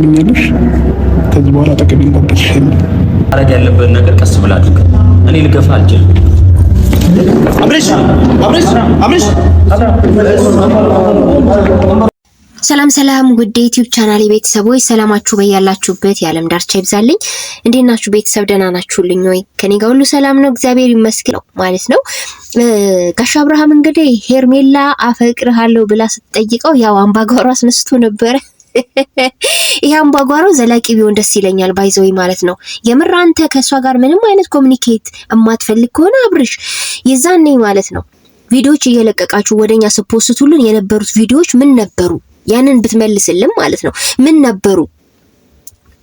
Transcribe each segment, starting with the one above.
ትልኛለሽ። ከዚህ በኋላ ጠቅም ይንቆቅሽ ማድረግ ያለብህን ነገር ቀስ ብላ እኔ ልገፋ አልችልም። ሰላም ሰላም ውድ ዩቲዩብ ቻናል ቤተሰቦች ሰላማችሁ በያላችሁበት የዓለም ዳርቻ ይብዛልኝ። እንዴት ናችሁ ቤተሰብ? ደህና ናችሁልኝ ወይ? ከኔ ጋር ሁሉ ሰላም ነው እግዚአብሔር ይመስገን ማለት ነው። ጋሽ አብርሃም እንግዲህ ሄርሜላ አፈቅርሃለሁ ብላ ስትጠይቀው ያው አምባጓሮ አስነስቶ ነበረ። ይህ አምባጓሮ ዘላቂ ቢሆን ደስ ይለኛል። ባይዘዊ ማለት ነው። የምር አንተ ከእሷ ጋር ምንም አይነት ኮሚኒኬት የማትፈልግ ከሆነ አብርሽ የዛኔ ማለት ነው ቪዲዮዎች እየለቀቃችሁ ወደኛ ስፖስቱልን የነበሩት ቪዲዮዎች ምን ነበሩ? ያንን ብትመልስልን ማለት ነው ምን ነበሩ?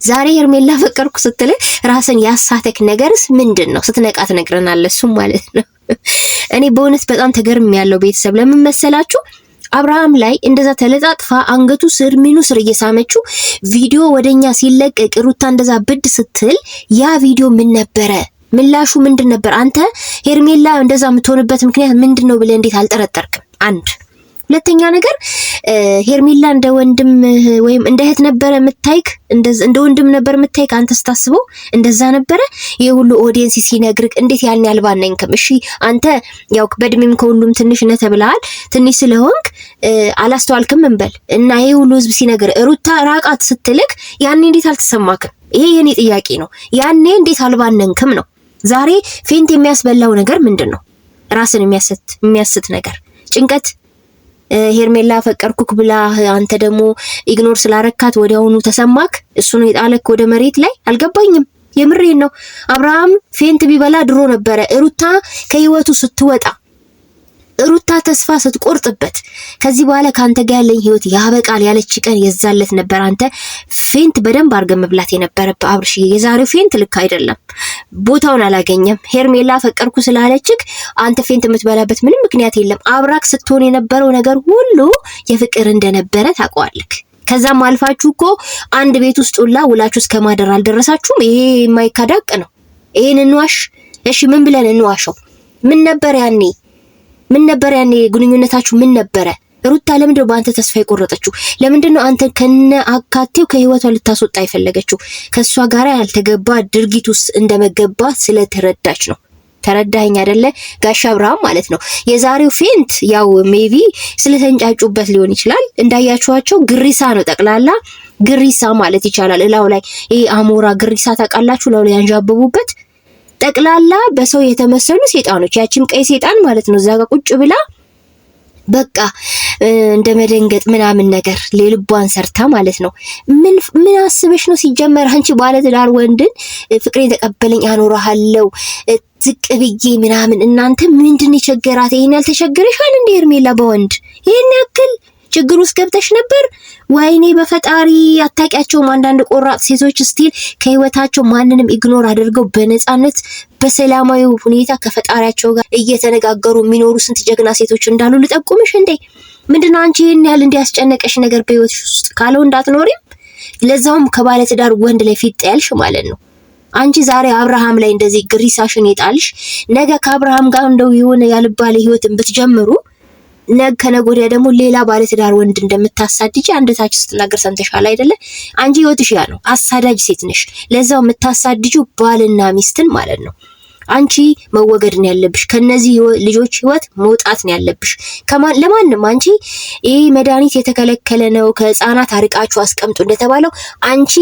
ዛሬ ሄርሜላ ፈቀርኩ ስትል ራስን ያሳተክ ነገርስ ምንድን ነው? ስትነቃ ትነግረናለህ። እሱም ማለት ነው እኔ በእውነት በጣም ተገርም ያለው ቤተሰብ ለምን መሰላችሁ? አብርሃም ላይ እንደዛ ተለጣጥፋ አንገቱ ስር ምኑ ስር እየሳመችው ቪዲዮ ወደኛ ሲለቀቅ ሩታ እንደዛ ብድ ስትል ያ ቪዲዮ ምን ነበረ? ምላሹ ምንድን ነበር? አንተ ሄርሜላ እንደዛ የምትሆንበት ምክንያት ምንድን ነው ብለህ እንዴት አልጠረጠርክም? አንድ ሁለተኛ ነገር ሄርሜላ እንደ ወንድም ወይም እንደ እህት ነበረ የምታይክ፣ እንደ ወንድም ነበር የምታይክ። አንተ ስታስበው እንደዛ ነበረ። ይህ ሁሉ ኦዲየንስ ሲነግርክ እንዴት ያልን ያልባናኝ እሺ፣ አንተ ያው በእድሜም ከሁሉም ትንሽ ነህ ተብለሃል። ትንሽ ስለሆንክ አላስተዋልክም እንበል እና ይህ ሁሉ ህዝብ ሲነግር ሩታ ራቃት ስትልክ ያኔ እንዴት አልተሰማክም? ይሄ የኔ ጥያቄ ነው። ያኔ እንዴት አልባነንክም ነው። ዛሬ ፌንት የሚያስበላው ነገር ምንድን ነው? ራስን የሚያስት ነገር ጭንቀት ሄርሜላ ፈቀርኩክ ብላ አንተ ደግሞ ኢግኖር ስላረካት ወዲያውኑ ተሰማክ። እሱን የጣለክ ወደ መሬት ላይ አልገባኝም። የምሬን ነው። አብርሃም ፌንት ቢበላ ድሮ ነበረ ሩታ ከህይወቱ ስትወጣ ሩታ ተስፋ ስትቆርጥበት ከዚህ በኋላ ካንተ ጋር ያለኝ ህይወት ያበቃል ያለች ቀን የዛለት ነበር። አንተ ፌንት በደንብ አድርገህ መብላት የነበረብህ አብርሽ፣ የዛሬው ፌንት ልክ አይደለም። ቦታውን አላገኘም። ሄርሜላ ፈቀርኩ ስላለችክ አንተ ፌንት የምትበላበት ምንም ምክንያት የለም። አብራክ ስትሆን የነበረው ነገር ሁሉ የፍቅር እንደነበረ ታውቀዋለክ። ከዛም አልፋችሁ እኮ አንድ ቤት ውስጥ ሁላ ውላችሁ እስከ ማደር አልደረሳችሁም። ይሄ የማይካዳቅ ነው። ይሄን እንዋሽ? እሺ ምን ብለን እንዋሸው? ምን ነበር ያኔ ምን ነበረ ያኔ ግንኙነታችሁ ምን ነበረ? ሩታ ለምንድን ነው በአንተ ተስፋ የቆረጠችው? ለምንድን ነው አንተ ከነ አካቴው ከህይወቷ ልታስወጣ የፈለገችው? ከእሷ ጋር ያልተገባ ድርጊት ውስጥ እንደመገባ ስለተረዳች ነው። ተረዳኸኝ አይደለ? ጋሻ አብርሃም ማለት ነው። የዛሬው ፌንት ያው ሜቢ ስለተንጫጩበት ሊሆን ይችላል። እንዳያችኋቸው ግሪሳ ነው ጠቅላላ ግሪሳ ማለት ይቻላል። እላው ላይ ይሄ አሞራ ግሪሳ ታውቃላችሁ፣ እላው ላይ ያንዣበቡበት ጠቅላላ በሰው የተመሰሉ ሴጣኖች ያችም ቀይ ሴጣን ማለት ነው እዛ ጋር ቁጭ ብላ በቃ እንደ መደንገጥ ምናምን ነገር ሌልቧን ሰርታ ማለት ነው። ምን ምን አስበሽ ነው ሲጀመር? አንቺ ባለትዳር ወንድን ፍቅሬን ተቀበለኝ አኖረሃለው ዝቅ ብዬ ምናምን። እናንተ ምንድን የቸገራት? ይሄን ያህል ተቸገረሻል ሄርሜላ በወንድ ይሄን ያክል ችግር ውስጥ ገብተሽ ነበር? ወይኔ በፈጣሪ አታውቂያቸውም። አንዳንድ ቆራጥ ሴቶች ስቲል ከህይወታቸው ማንንም ኢግኖር አድርገው በነፃነት በሰላማዊ ሁኔታ ከፈጣሪያቸው ጋር እየተነጋገሩ የሚኖሩ ስንት ጀግና ሴቶች እንዳሉ ልጠቁምሽ እንዴ። ምንድነው አንቺ ይህን ያህል እንዲያስጨነቀሽ ነገር በህይወትሽ ውስጥ ካለው እንዳትኖሪም ለዛውም ከባለትዳር ወንድ ላይ ፊት ያልሽ ማለት ነው። አንቺ ዛሬ አብርሃም ላይ እንደዚህ ግሪሳሽን የጣልሽ ነገ ከአብርሃም ጋር እንደው የሆነ ያልባለ ህይወትን ብትጀምሩ ከነገ ወዲያ ደግሞ ሌላ ባለትዳር ወንድ እንደምታሳድጅ አንድ ታች ስትናገር ሰምተሻል አይደለ? አንቺ ህይወትሽ ያ ነው። አሳዳጅ ሴት ነሽ። ለዛው የምታሳድጁ ባልና ሚስትን ማለት ነው። አንቺ መወገድ ነው ያለብሽ። ከነዚህ ልጆች ህይወት መውጣት ነው ያለብሽ። ለማንም አንቺ ይህ መድኃኒት የተከለከለ ነው፣ ከህፃናት አርቃችሁ አስቀምጡ እንደተባለው አንቺ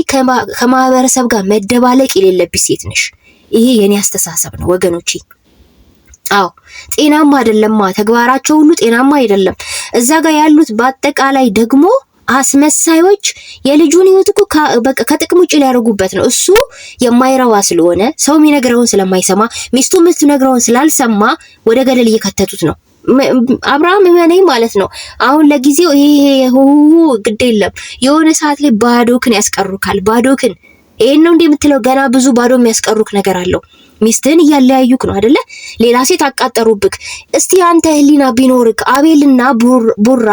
ከማህበረሰብ ጋር መደባለቅ የሌለብሽ ሴት ነሽ። ይሄ የኔ አስተሳሰብ ነው ወገኖቼ። አዎ ጤናማ አይደለማ። ተግባራቸው ሁሉ ጤናማ አይደለም። እዛ ጋር ያሉት በአጠቃላይ ደግሞ አስመሳዮች የልጁን ህይወት እኮ በቃ ከጥቅም ውጭ ሊያደርጉበት ነው። እሱ የማይረባ ስለሆነ ሰው የሚነግረውን ስለማይሰማ ሚስቱ የምትነግረውን ስላልሰማ ወደ ገደል እየከተቱት ነው። አብርሃም እመነኝ ማለት ነው። አሁን ለጊዜው ይሄ ግድ የለም። የሆነ ሰዓት ላይ ባዶክን ያስቀሩካል። ባዶክን ይሄን ነው እንዴ የምትለው? ገና ብዙ ባዶ የሚያስቀሩክ ነገር አለው። ሚስትህን እያለያዩክ ነው አይደለ? ሌላ ሴት አቃጠሩብክ። እስቲ አንተ ህሊና ቢኖርክ አቤልና ቡራ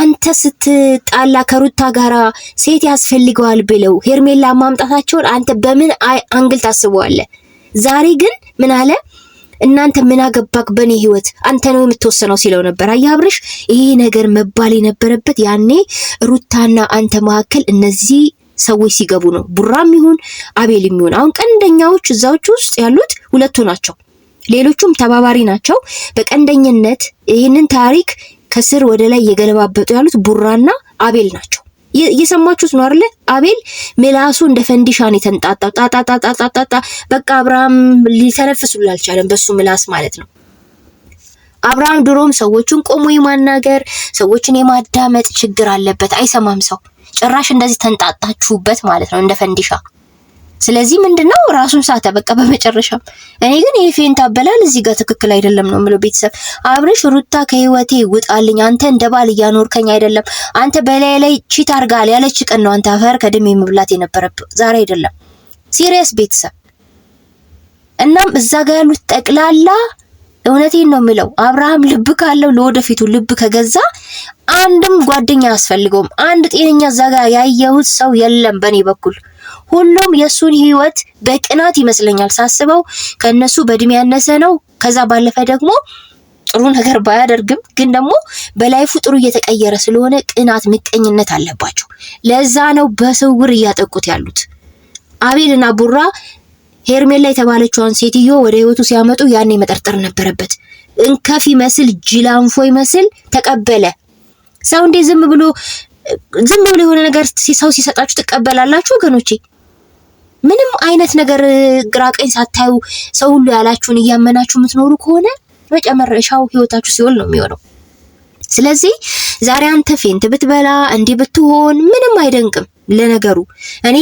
አንተ ስትጣላ ከሩታ ጋራ ሴት ያስፈልገዋል ብለው ሄርሜላ ማምጣታቸውን አንተ በምን አንግል ታስበዋለ ዛሬ ግን ምን አለ? እናንተ ምን አገባክ በእኔ ህይወት አንተ ነው የምትወሰነው ሲለው ነበር። አያብርሽ ይሄ ነገር መባል የነበረበት ያኔ ሩታና አንተ መካከል እነዚህ ሰዎች ሲገቡ ነው። ቡራም ይሁን አቤል ይሁን አሁን ቀንደኛዎች እዛዎች ውስጥ ያሉት ሁለቱ ናቸው። ሌሎቹም ተባባሪ ናቸው። በቀንደኝነት ይህንን ታሪክ ከስር ወደ ላይ እየገለባበጡ ያሉት ቡራና አቤል ናቸው። እየሰማችሁት ነው አይደለ? አቤል ምላሱ እንደ ፈንዲሻን የተንጣጣው ጣጣጣጣጣጣ በቃ አብርሃም ሊተነፍሱል አልቻለም፣ በሱ ምላስ ማለት ነው። አብርሃም ድሮም ሰዎቹን ቆሞ የማናገር ሰዎችን የማዳመጥ ችግር አለበት፣ አይሰማም ሰው ጭራሽ እንደዚህ ተንጣጣችሁበት ማለት ነው እንደ ፈንዲሻ። ስለዚህ ምንድነው ራሱን ሳተ በቃ በመጨረሻም። እኔ ግን ይሄ ፌንት አበላል እዚህ ጋር ትክክል አይደለም ነው የምለው። ቤተሰብ አብርሽ ሩታ ከህይወቴ ውጣልኝ፣ አንተ እንደ ባል እያኖርከኝ አይደለም። አንተ በላይ ላይ ቺት አርጋል ያለች ቀን ነው አንተ አፈር ከድሜ መብላት የነበረብህ ዛሬ አይደለም። ሲሪየስ ቤተሰብ። እናም እዛ ጋር ያሉት ጠቅላላ እውነቴን ነው የምለው፣ አብርሃም ልብ ካለው ለወደፊቱ ልብ ከገዛ አንድም ጓደኛ አያስፈልገውም። አንድ ጤነኛ እዛ ጋ ያየሁት ሰው የለም በእኔ በኩል። ሁሉም የእሱን ህይወት በቅናት ይመስለኛል ሳስበው ከእነሱ በእድሜ ያነሰ ነው። ከዛ ባለፈ ደግሞ ጥሩ ነገር ባያደርግም ግን ደግሞ በላይፉ ጥሩ እየተቀየረ ስለሆነ ቅናት፣ ምቀኝነት አለባቸው። ለዛ ነው በስውር እያጠቁት ያሉት አቤልና ቡራ ሄርሜላ የተባለችዋን ሴትዮ ወደ ህይወቱ ሲያመጡ ያኔ መጠርጠር ነበረበት። እንከፍ ይመስል ጅላንፎ ይመስል ተቀበለ። ሰው እንዴ ዝም ብሎ ዝም ብሎ የሆነ ነገር ሰው ሲሰጣችሁ ትቀበላላችሁ ወገኖቼ? ምንም አይነት ነገር ግራ ቀኝ ሳታዩ ሰው ሁሉ ያላችሁን እያመናችሁ የምትኖሩ ከሆነ መጨረሻው ህይወታችሁ ሲሆን ነው የሚሆነው። ስለዚህ ዛሬ አንተ ፌንት ብትበላ እንዲህ ብትሆን ምንም አይደንቅም። ለነገሩ እኔ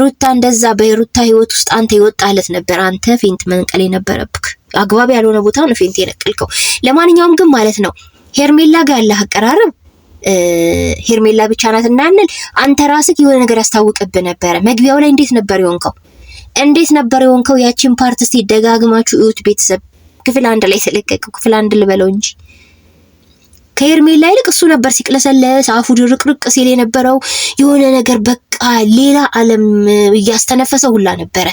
ሩታ እንደዛ በሩታ ህይወት ውስጥ አንተ ይወጣለት ነበር። አንተ ፌንት መንቀል የነበረብክ አግባብ ያልሆነ ቦታ ነው ፌንት የነቀልከው። ለማንኛውም ግን ማለት ነው ሄርሜላ ጋር ያለህ አቀራረብ ሄርሜላ ብቻ ናት እናንል አንተ ራስህ የሆነ ነገር ያስታውቅብህ ነበረ። መግቢያው ላይ እንዴት ነበር የሆንከው? እንዴት ነበር የሆንከው? ያቺን ፓርት እስቲ ደጋግማችሁ እዩት ቤተሰብ። ክፍል አንድ ላይ ተለቀቀው ክፍል አንድ ልበለው እንጂ ከሄርሜላ ይልቅ እሱ ነበር ሲቅለሰለስ አፉ ድርቅርቅ ሲል የነበረው የሆነ ነገር በቃ ሌላ ዓለም እያስተነፈሰ ሁላ ነበረ።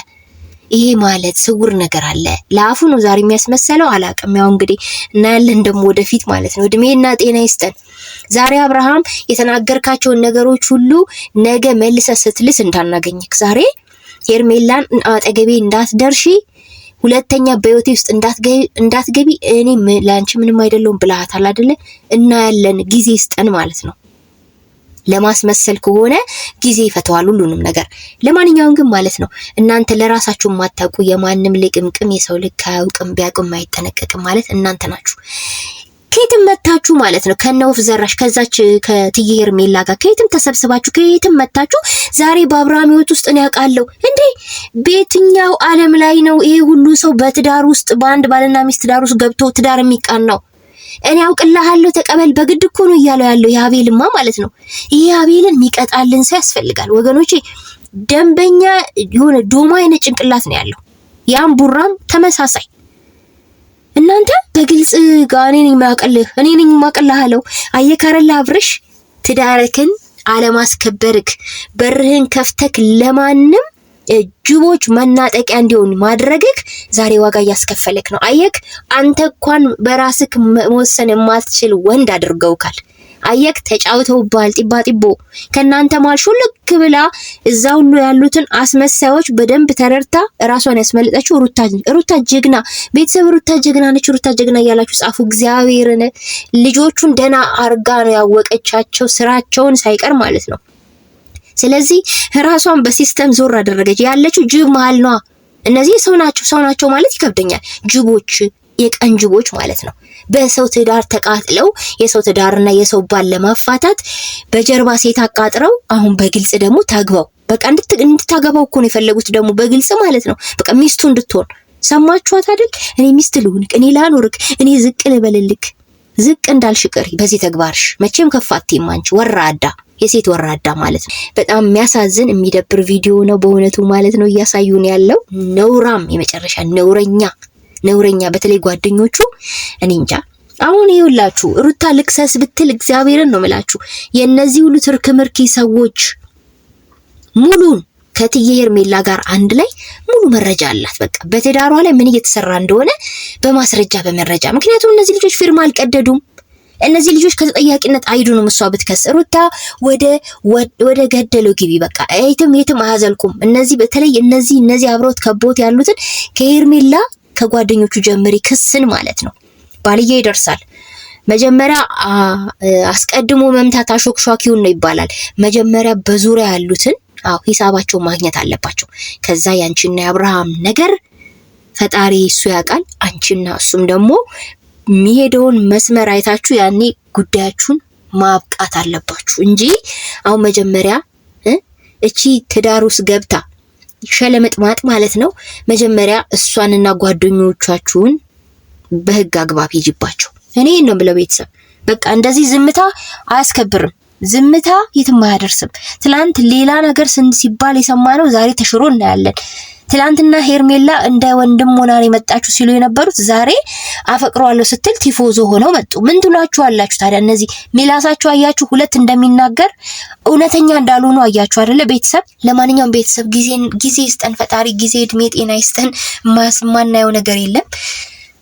ይሄ ማለት ስውር ነገር አለ። ለአፉ ነው ዛሬ የሚያስመሰለው አላቅም። ያው እንግዲህ እናያለን ደግሞ ወደፊት ማለት ነው። እድሜና ጤና ይስጠን። ዛሬ አብርሃም የተናገርካቸውን ነገሮች ሁሉ ነገ መልሰ ስትልስ እንዳናገኝክ ዛሬ ሄርሜላን አጠገቤ እንዳትደርሺ ሁለተኛ በህይወቴ ውስጥ እንዳትገቢ እኔ ለአንቺ ምንም አይደለውም ብልሃታል አይደለ? እናያለን፣ ጊዜ ስጠን ማለት ነው። ለማስመሰል ከሆነ ጊዜ ይፈተዋል ሁሉንም ነገር። ለማንኛውም ግን ማለት ነው እናንተ ለራሳችሁ የማታውቁ የማንም ልቅምቅም የሰው ልክ አያውቅም ቢያውቅም አይጠነቀቅም ማለት እናንተ ናችሁ። ከየትም መታችሁ ማለት ነው ከነውፍ ዘራሽ ከዛች ከእትዬ ሄርሜላ ጋር ከየትም ተሰብስባችሁ ከየትም መታችሁ ዛሬ በአብርሃም ህይወት ውስጥ ነው ያውቃለሁ እንዴ በየትኛው ዓለም ላይ ነው ይሄ ሁሉ ሰው በትዳር ውስጥ በአንድ ባልና ሚስት ትዳር ውስጥ ገብቶ ትዳር የሚቃናው? እኔ አውቅልሃለሁ ተቀበል በግድ እኮ ነው እያለው ያለው የአቤልማ ማለት ነው። ይህ አቤልን የሚቀጣልን ሰው ያስፈልጋል ወገኖቼ። ደንበኛ የሆነ ዶማ አይነት ጭንቅላት ነው ያለው። ያም ቡራም ተመሳሳይ እናንተ በግልጽ ጋር እኔ ነኝ ማቀልህ እኔ ነኝ አየካረላ አብርሽ ትዳርክን አለማስከበርክ በርህን ከፍተክ ለማንም ጅቦች መናጠቂያ እንዲሆን ማድረግክ ዛሬ ዋጋ እያስከፈለክ ነው። አየክ አንተ እንኳን በራስክ መወሰን የማትችል ወንድ አድርገውካል። አየክ ተጫውተውባል። ጢባ ጢቦ ከእናንተ ማል ሹልክ ብላ እዛ ሁሉ ያሉትን አስመሳዮች በደንብ ተረድታ ራሷን ያስመለጠችው ሩታ ሩታ ጀግና ቤተሰብ ሩታ ጀግና ነች። ሩታ ጀግና እያላችሁ ጻፉ። እግዚአብሔርን ልጆቹን ደና አርጋ ነው ያወቀቻቸው ስራቸውን ሳይቀር ማለት ነው። ስለዚህ ራሷን በሲስተም ዞር አደረገች። ያለችው ጅብ መሀል ነዋ። እነዚህ ሰው ናቸው። ሰው ናቸው ማለት ይከብደኛል። ጅቦች፣ የቀን ጅቦች ማለት ነው። በሰው ትዳር ተቃጥለው የሰው ትዳርና የሰው ባል ለማፋታት በጀርባ ሴት አቃጥረው አሁን በግልጽ ደግሞ ታግባው በቃ እንድታገባው እኮ ነው የፈለጉት። ደግሞ በግልጽ ማለት ነው በቃ ሚስቱ እንድትሆን ሰማችኋት አይደል? እኔ ሚስት ልሁንክ፣ እኔ ላኖርክ፣ እኔ ዝቅ ልበልልክ። ዝቅ እንዳልሽ ቅሪ በዚህ ተግባርሽ። መቼም ከፋቴም አንቺ ወራዳ የሴት ወራዳ ማለት ነው። በጣም የሚያሳዝን የሚደብር ቪዲዮ ነው በእውነቱ ማለት ነው እያሳዩን ያለው ነውራም የመጨረሻ ነውረኛ ነውረኛ። በተለይ ጓደኞቹ እኔ እንጃ። አሁን ይውላችሁ ሩታ ልክሰስ ብትል እግዚአብሔርን ነው ምላችሁ የነዚህ ሁሉ ትርክ ምርኪ ሰዎች ሙሉን ከእትዬ ሄርሜላ ጋር አንድ ላይ ሙሉ መረጃ አላት። በቃ በትዳሯ ላይ ምን እየተሰራ እንደሆነ በማስረጃ በመረጃ ምክንያቱም እነዚህ ልጆች ፊርማ አልቀደዱም። እነዚህ ልጆች ከተጠያቂነት አይዱንም። እሷ ብትከስ ሩታ ወደ ወደ ገደለው ግቢ በቃ የትም የትም አያዘልቁም። እነዚህ በተለይ እነዚህ እነዚህ አብሮት ከቦት ያሉትን ከሄርሜላ ከጓደኞቹ ጀምሪ ክስን ማለት ነው። ባልዬ ይደርሳል። መጀመሪያ አስቀድሞ መምታት አሾክሿኪውን ነው ይባላል። መጀመሪያ በዙሪያ ያሉትን አዎ ሂሳባቸው ማግኘት አለባቸው። ከዛ ያንቺና የአብርሃም ነገር ፈጣሪ እሱ ያውቃል። አንቺና እሱም ደግሞ የሚሄደውን መስመር አይታችሁ ያኔ ጉዳያችሁን ማብቃት አለባችሁ እንጂ አሁን መጀመሪያ እቺ ትዳር ውስጥ ገብታ ሸለመጥማጥ ማለት ነው። መጀመሪያ እሷንና ጓደኞቻችሁን በህግ አግባብ ሂጅባቸው። እኔ ነው ብለው ቤተሰብ በቃ እንደዚህ ዝምታ አያስከብርም። ዝምታ የትም አያደርስም። ትላንት ሌላ ነገር ስን ሲባል የሰማነው ዛሬ ተሽሮ እናያለን። ትላንትና ሄርሜላ እንደ ወንድም ሆና ነው የመጣችሁ ሲሉ የነበሩት ዛሬ አፈቅረዋለሁ ስትል ቲፎዞ ሆነው መጡ። ምን ትሏችሁ አላችሁ ታዲያ? እነዚህ ሜላሳችሁ አያችሁ፣ ሁለት እንደሚናገር እውነተኛ እንዳልሆኑ አያችሁ አደለ? ቤተሰብ ለማንኛውም ቤተሰብ ጊዜ ይስጠን ፈጣሪ፣ ጊዜ እድሜ፣ ጤና ይስጠን። ማናየው ነገር የለም።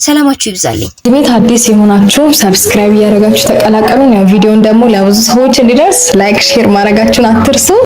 ሰላማችሁ ይብዛልኝ። ቤት አዲስ የሆናችሁ ሰብስክራይብ እያደረጋችሁ ተቀላቀሉን። ያው ቪዲዮን ደግሞ ለብዙ ሰዎች እንዲደርስ ላይክ፣ ሼር ማድረጋችሁን አትርሱ።